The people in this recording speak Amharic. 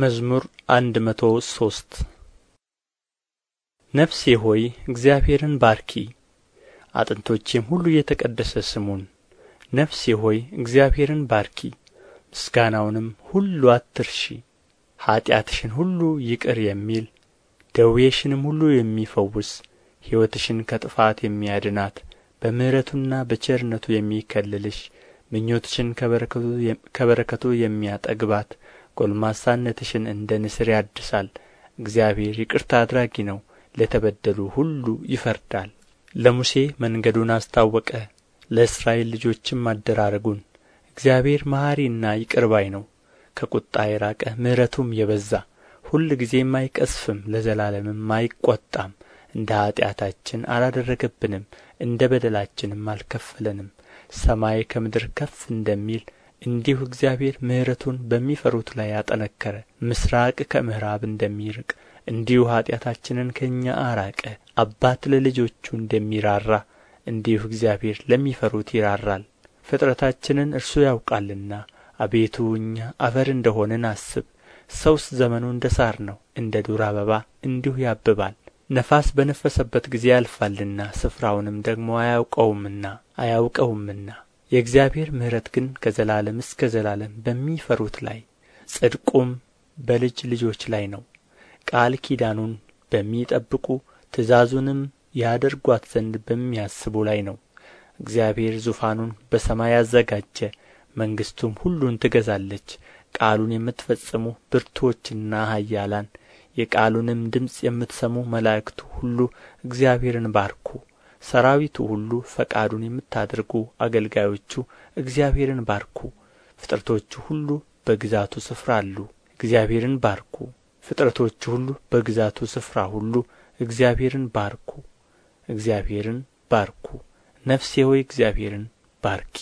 መዝሙር አንድ መቶ ሶስት ነፍሴ ሆይ እግዚአብሔርን ባርኪ፣ አጥንቶቼም ሁሉ የተቀደሰ ስሙን። ነፍሴ ሆይ እግዚአብሔርን ባርኪ፣ ምስጋናውንም ሁሉ አትርሺ። ኀጢአትሽን ሁሉ ይቅር የሚል ደዌሽንም ሁሉ የሚፈውስ ሕይወትሽን ከጥፋት የሚያድናት በምሕረቱና በቸርነቱ የሚከልልሽ ምኞትሽን ከበረከቱ የሚያጠግባት ጎልማሳነትሽን እንደ ንስር ያድሳል እግዚአብሔር ይቅርታ አድራጊ ነው ለተበደሉ ሁሉ ይፈርዳል ለሙሴ መንገዱን አስታወቀ ለእስራኤል ልጆችም አደራረጉን እግዚአብሔር መሐሪና ይቅር ባይ ነው ከቁጣ የራቀ ምሕረቱም የበዛ ሁል ጊዜም አይቀስፍም ለዘላለምም አይቈጣም እንደ ኀጢአታችን አላደረገብንም እንደ በደላችንም አልከፈለንም ሰማይ ከምድር ከፍ እንደሚል እንዲሁ እግዚአብሔር ምሕረቱን በሚፈሩት ላይ አጠነከረ ምሥራቅ ከምዕራብ እንደሚርቅ እንዲሁ ኃጢአታችንን ከእኛ አራቀ አባት ለልጆቹ እንደሚራራ እንዲሁ እግዚአብሔር ለሚፈሩት ይራራል ፍጥረታችንን እርሱ ያውቃልና አቤቱ እኛ አፈር እንደሆንን አስብ ሰውስ ዘመኑ እንደ ሳር ነው እንደ ዱር አበባ እንዲሁ ያብባል ነፋስ በነፈሰበት ጊዜ ያልፋልና ስፍራውንም ደግሞ አያውቀውምና አያውቀውምና የእግዚአብሔር ምሕረት ግን ከዘላለም እስከ ዘላለም በሚፈሩት ላይ ጽድቁም በልጅ ልጆች ላይ ነው ቃል ኪዳኑን በሚጠብቁ ትእዛዙንም ያደርጓት ዘንድ በሚያስቡ ላይ ነው እግዚአብሔር ዙፋኑን በሰማይ አዘጋጀ መንግሥቱም ሁሉን ትገዛለች ቃሉን የምትፈጽሙ ብርቱዎችና ኃያላን የቃሉንም ድምፅ የምትሰሙ መላእክቱ ሁሉ እግዚአብሔርን ባርኩ ሰራዊቱ ሁሉ ፈቃዱን የምታደርጉ አገልጋዮቹ እግዚአብሔርን ባርኩ ፍጥረቶቹ ሁሉ በግዛቱ ስፍራ አሉ እግዚአብሔርን ባርኩ ፍጥረቶቹ ሁሉ በግዛቱ ስፍራ ሁሉ እግዚአብሔርን ባርኩ እግዚአብሔርን ባርኩ ነፍሴ ሆይ እግዚአብሔርን ባርኪ